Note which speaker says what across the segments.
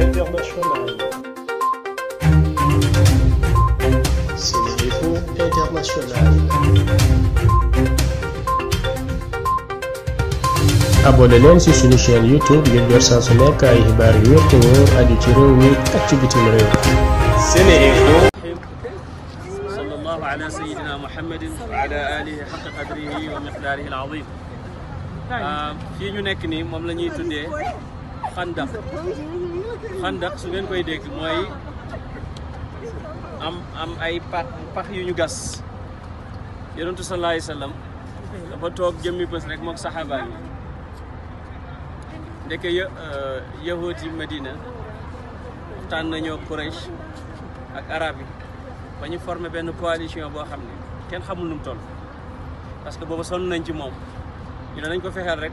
Speaker 1: internationale. Sénérinfo International. abonné leen ci suñu chaîne YouTube ngir jot saa su nekk ay xibaar yu wér te wóor aju ci réew mi ak ci bitim réew. Sénérinfo. sallallahu ala sayyidina muhammadin wa ala alihi haqqa qadrihi wa miqdaarihi al-azim. Ah, fii ñu nekk nii moom la ñuy tuddee. xandax xandax su ngeen koy dégg mooy am am ay pax pax yu ñu gas yonentu sallallahu alayhi wasallam dafa toog jëmmi bës rek mook saxaaba yi ndeke euh, yahoot yi Medina waxtaan nañoo Quraysh ak arab yi ba ñu formé benn coalition boo xam ne kenn xamul nu mu toll parce que booba sonn nañ ci moom ñu nañ ko fexeel rek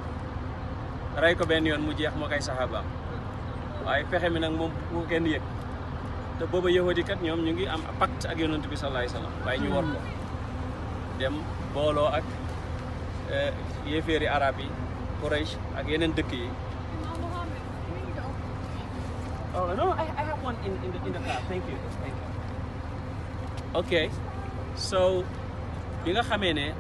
Speaker 1: rey ko benn yoon mu jeex moo koy saxaabaam waaye pexe mi nag moom bu kenn yëg te booba yahudi kat ñoom ñu ngi am pacte ak yonent bi sallallahu alayhi waaye ñu war ko dem booloo ak eh, yéeféeri arab yi Quraysh ak yeneen dëkk yi Oh, So, bi nga xamee ne eh,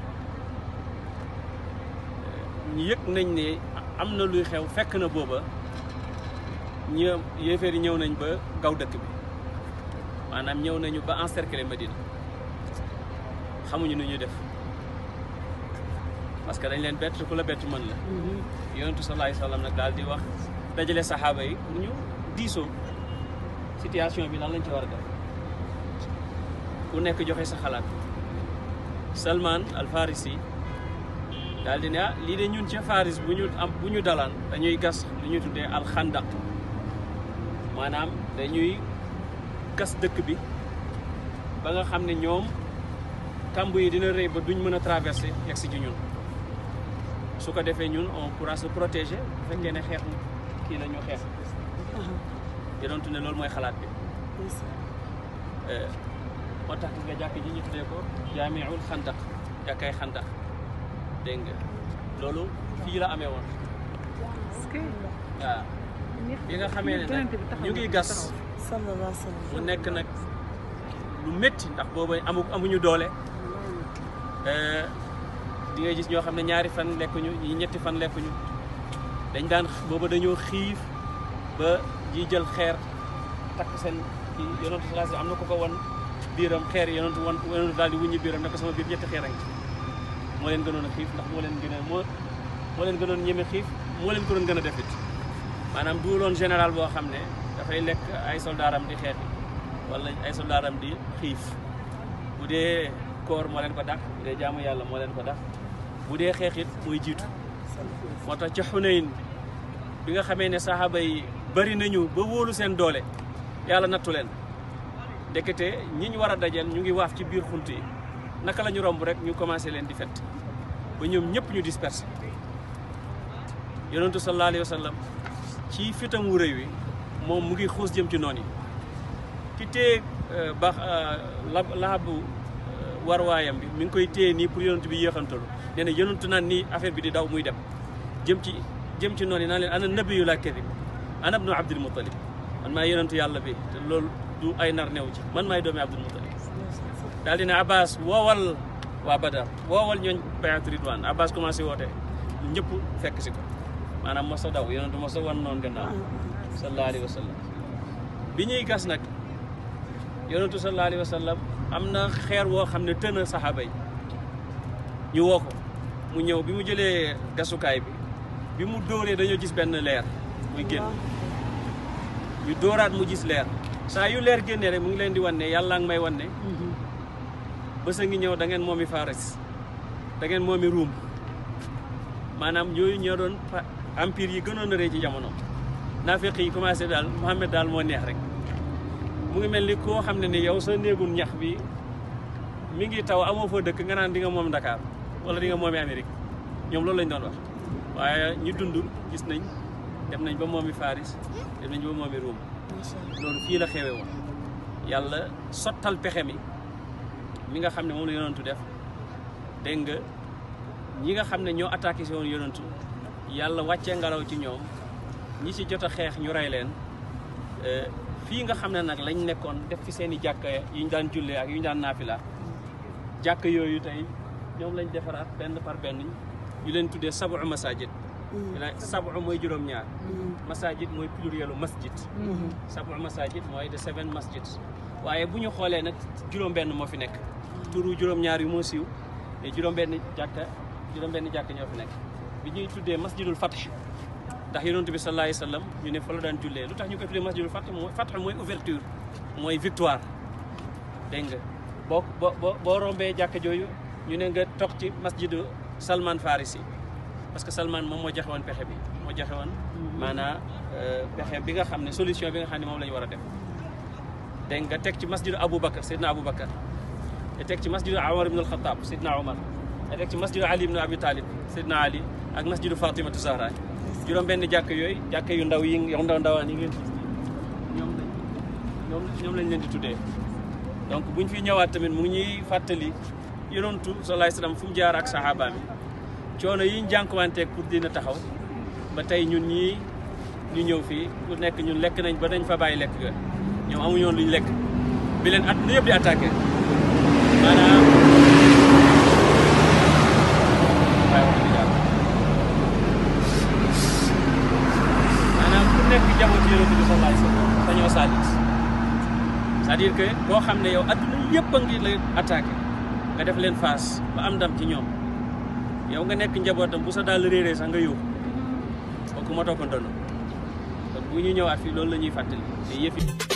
Speaker 1: yëg nañ ne am na luy xew fekk na booba ñë yéeféer yi ñëw nañ ba gaw dëkk bi maanaam ñëw nañu ba encercler Medina xamuñu nu ñuy def parce que dañ leen bett ku la bett mën la mm-hmm. yonentu sallallahu alayhi nag daal di wax dajale saxaaba yi ñu diisoo situation bi lan lañ ci war a def ku nekk joxe sa xalaat Salman al Farisi daal di ne ah lii de ñun ca Faris bu ñu am bu ñu dalaan dañuy gas lu ñuy tuddee alxandaq maanaam dañuy gas dëkk bi ba nga xam ne ñoom kàmb yi dina rëy ba duñ mën a traversé yegg si ci ñun su ko defee ñun on pourra se protéger bu fekkee ne xeex kii la ñu xeex yonentu ne loolu mooy xalaat bi eh, moo tax gis nga jàkk ji ñu tuddee ko jaamiul xandaq jàkkay xandaq dégg nga loolu fii la amee woon. waaw nga xamee ne nag ñu ngi gas. mu nekk nag lu métti ndax booba amu amuñu doole. Euh, di ngay gis ñoo xam ne ñaari fan lekkuñu ñi ñetti fan lekkuñu dañ daan booba dañoo xiif ba ji jël xeer takk seen kii yonentu salaas am na ko ko wan biiram xeer yonentu wan yonentu daal di wuññi biiram ne ko sama biir ñetti xeer moo leen gënoon a xiif ndax moo leen gën a moo moo leen gënoon ñeme xiif moo leen ko doon gën a defit maanaam du loon général boo xam ne dafay lekk ay soldaaram di xeexi wala ay soldaaram di xiif bu dee koor moo leen ko dàq bu dee jaamu yàlla moo leen ba dàq bu dee xeexit mooy jiitu moo tax ca Xunayn bi nga xamee ne saxaaba yi bari nañu ba wóolu seen doole yàlla nattu leen dekete ñi ñu war a dajeel ñu ngi waaf ci biir xunt yi naka lañu romb rek ñu commencé leen di fet ba ñoom ñëpp ñu dispersé yonentu sallallahu alayhi wa ci fitam wu rëy wi moom mu ngi xuus jëm ci noon yi ki téye euh, baax euh, lahabu euh, warwaayam bi mu ngi koy téye nii pour yonentu bi yéexantalu nee na yonentu naan nii affaire bi di daw muy dem jëm ci jëm ci noon yi naan leen ana nabiyu la kadib ana ibnu abdul muttalib man maay yonentu yàlla bi te loolu du ay nar neew ci man maay doomi abdul muttalib daal na ne Abbas woowal waa Badar woowal ñooñ bayat Ridwan Abbas commencé woote ñëpp fekk si ko maanaam mos a daw yonent mos a wan noonu gannaaw sallallahu alayhi wa sallam bi ñuy gas nag yonentu sallallahu alayhi wa sallam am na xeer woo xam ne tën a saxaaba yi ñu woo mu ñëw bi mu jëlee gasukaay bi bi mu dóoree dañoo gis benn leer muy génn ñu dóoraat mu gis leer saa yu leer génnee rek mu ngi leen di wan ne yàlla ngi may wan bés a ngi ñëw da ngeen i faris da ngeen moomi ruum maanaam yooyu ñoo doon empire yi gënoon a rëy ci jamono naafeq yi commencé daal Mohamed daal moo neex rek mu ngi mel ni koo xam ne ni yow sa néegul ñax bi mu ngi taw amoo fa dëkk nga naan di nga moom ndakaar wala di nga moomi Amérique ñoom loolu lañ doon wax waaye ñu dund gis nañ dem nañ ba moom Faris dem nañ ba moomi Ruum loolu fii la xewe woon yàlla sottal pexe mi mi nga xam ne moom la yonantu def dégg nga ñi nga xam ne ñoo attaqué si woon yàlla wàccee ngelaw ci ñoom ñi ci jot a xeex ñu rey leen euh, fii nga xam ne nag lañ nekkoon def fi seen i jàkka yu ñu daan jullee ak yu ñu daan naafila jàkk yooyu tey ñoom lañ defaraat benn par benn ñu leen tuddee sabu masajid mm. sabu mooy juróom-ñaar mm. masajid mooy plurielu masjid mm-hmm. sabu masajid mooy de seven masjid waaye bu ñu xoolee nag juróom benn moo fi nekk turu juróom-ñaar yu moo siiw te juróom-benn jàkka juróom-benn jàkka ñoo fi nekk bi ñuy tuddee masjidul fatih ndax yonent bi sallallahu alayhi wasallam ñu ne fa la daan jullee lu tax ñu koy tuddee masjidul fatih mooy fatih mooy ouverture mooy victoire dégg nga boo boo boo rombee jàkka jooyu ñu ne nga toog ci masjidu Salman Farisi parce que Salman moom moo joxe pexe bi moo joxe woon maanaam euh, pexe bi nga xam ne solution bi nga xam ne moom la ñu war a def dégg nga teg ci masjidu Aboubacar Seydina Aboubacar te teg ci masjidu Omar ibn al-Khattab Seydina Omar te teg ci masjidu Ali ibn Abi Talib Seydina Ali ak masjidu Fatimatu Zahra juróom benn jàkk yooyu jàkk yu ndaw yi yu ndaw ndawaan yi ngeen gis ñoom lañ leen di tuddee donc buñ fi ñëwaat tamit mu ngi ñuy fàttali yonontu salaay salaam fu mu jaar ak saxaabaam yi coono yi ñu jànkuwanteeg pour dina taxaw ba tey ñun ñii ñu ñëw fii ku nekk ñun lekk nañ ba dañ fa bàyyi lekk ga ñoom amuñoon lekk bi leen at ñëpp di attaqué c'est-à-dire que boo xam ne yow adduna yëpp a ngi lay attaqué nga def leen face ba am ndam ci ñoom yow nga nekk njabootam bu sa daal réeree sax nga yóbbu kooku moo toog ko ndono kon bu ñu ñëwaat fii loolu la ñuy fàttali te yëfi